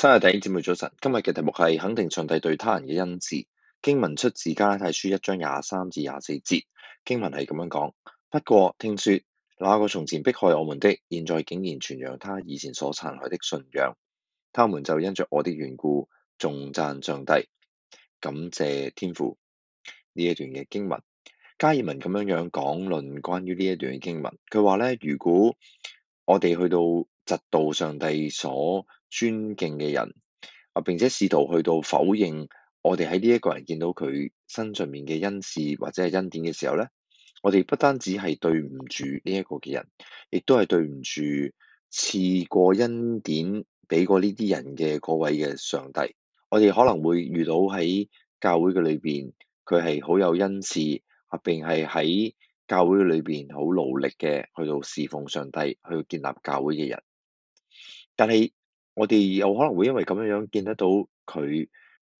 生日頂節目早晨，今日嘅題目係肯定上帝對他人嘅恩賜。經文出自《加拉太書》一章廿三至廿四節，經文係咁樣講。不過聽說，那個從前迫害我們的，現在竟然傳揚他以前所殘害的信仰，他們就因着我的緣故，頌讚上帝，感謝天父。呢一段嘅經文，加爾文咁樣樣講論關於呢一段嘅經文，佢話咧，如果我哋去到。窒到上帝所尊敬嘅人，啊！並且試圖去到否認我哋喺呢一個人見到佢身上面嘅恩賜或者係恩典嘅時候咧，我哋不單止係對唔住呢一個嘅人，亦都係對唔住賜過恩典俾過呢啲人嘅嗰位嘅上帝。我哋可能會遇到喺教會嘅裏邊，佢係好有恩賜，啊，並係喺教會裏邊好努力嘅去到侍奉上帝、去建立教會嘅人。但係我哋又可能會因為咁樣樣見得到佢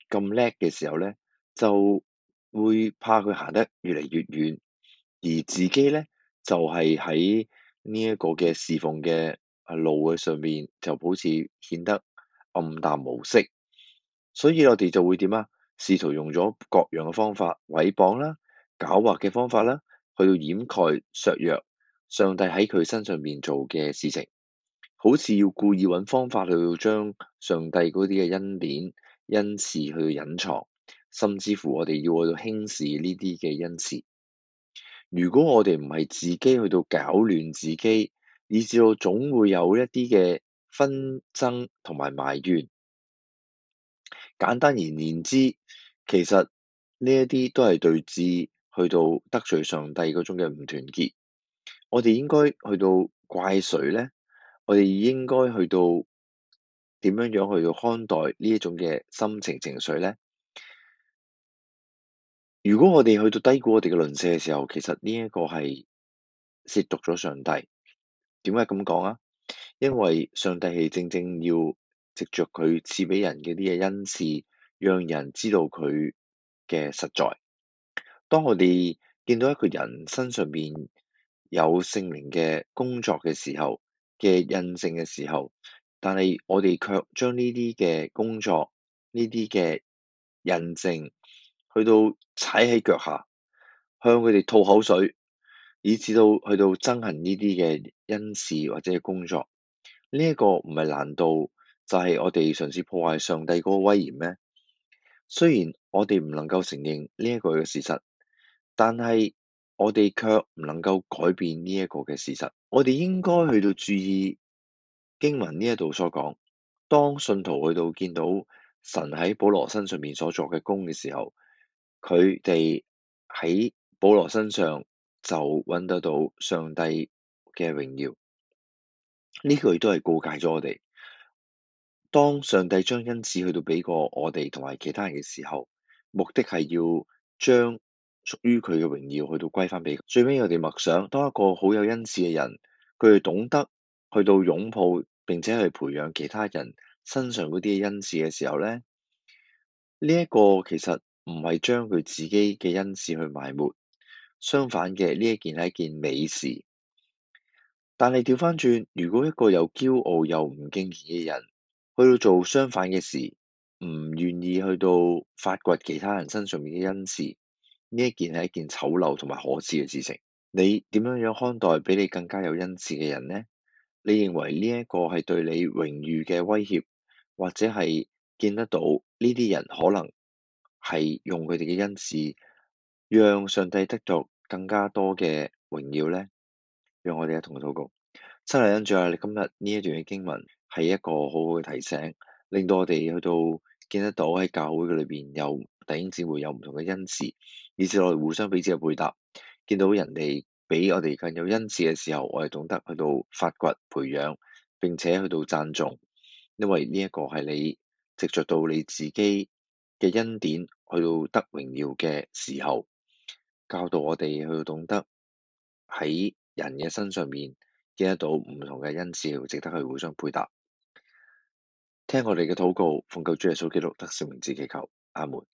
咁叻嘅時候咧，就會怕佢行得越嚟越遠，而自己咧就係喺呢一個嘅侍奉嘅路嘅上面，就好似顯得暗淡無色，所以我哋就會點啊？試圖用咗各樣嘅方法，毀謗啦、狡猾嘅方法啦，去到掩蓋削弱上帝喺佢身上面做嘅事情。好似要故意揾方法去將上帝嗰啲嘅恩典、恩賜去到隱藏，甚至乎我哋要去到輕視呢啲嘅恩賜。如果我哋唔係自己去到搞亂自己，以至到總會有一啲嘅紛爭同埋埋怨。簡單而言之，其實呢一啲都係對自去到得罪上帝嗰種嘅唔團結。我哋應該去到怪誰咧？我哋應該去到點樣樣去到看待呢一種嘅心情情緒咧？如果我哋去到低估我哋嘅鄰舍嘅時候，其實呢一個係褻瀆咗上帝。點解咁講啊？因為上帝係正正要藉著佢賜俾人嘅呢嘢恩賜，讓人知道佢嘅實在。當我哋見到一個人身上面有聖靈嘅工作嘅時候，嘅印證嘅時候，但係我哋卻將呢啲嘅工作、呢啲嘅印證，去到踩喺腳下，向佢哋吐口水，以至到去到憎恨呢啲嘅恩賜或者工作，呢、這、一個唔係難道，就係、是、我哋嘗試破壞上帝嗰個威嚴咩？雖然我哋唔能夠承認呢一個嘅事實，但係。我哋卻唔能夠改變呢一個嘅事實，我哋應該去到注意經文呢一度所講，當信徒去到見到神喺保羅身上面所作嘅功嘅時候，佢哋喺保羅身上就揾得到上帝嘅榮耀。呢句都係告誡咗我哋，當上帝將恩賜去到俾過我哋同埋其他人嘅時候，目的係要將。屬於佢嘅榮耀，去到歸返俾佢。最尾，我哋默想，當一個好有恩賜嘅人，佢哋懂得去到擁抱，並且去培養其他人身上嗰啲恩賜嘅時候呢，呢一個其實唔係將佢自己嘅恩賜去埋沒，相反嘅呢一件係一件美事。但係調翻轉，如果一個又驕傲又唔敬虔嘅人，去到做相反嘅事，唔願意去到發掘其他人身上面嘅恩賜。呢一件係一件醜陋同埋可恥嘅事情。你點樣樣看待比你更加有恩賜嘅人呢？你認為呢一個係對你榮譽嘅威脅，或者係見得到呢啲人可能係用佢哋嘅恩賜，讓上帝得到更加多嘅榮耀咧？讓我哋一同禱告。真係恩主啊！你今日呢一段嘅經文係一個好好嘅提醒，令到我哋去到見得到喺教會嘅裏邊有弟兄姊妹有唔同嘅恩賜。以至我哋互相彼此嘅配搭，見到人哋比我哋更有恩賜嘅時候，我哋懂得去到發掘、培養，並且去到讚頌，因為呢一個係你藉著到你自己嘅恩典去到得榮耀嘅時候，教導我哋去到懂得喺人嘅身上面見得到唔同嘅恩賜，值得去互相配搭。聽我哋嘅禱告，奉救主耶穌基督得勝名字祈求，阿門。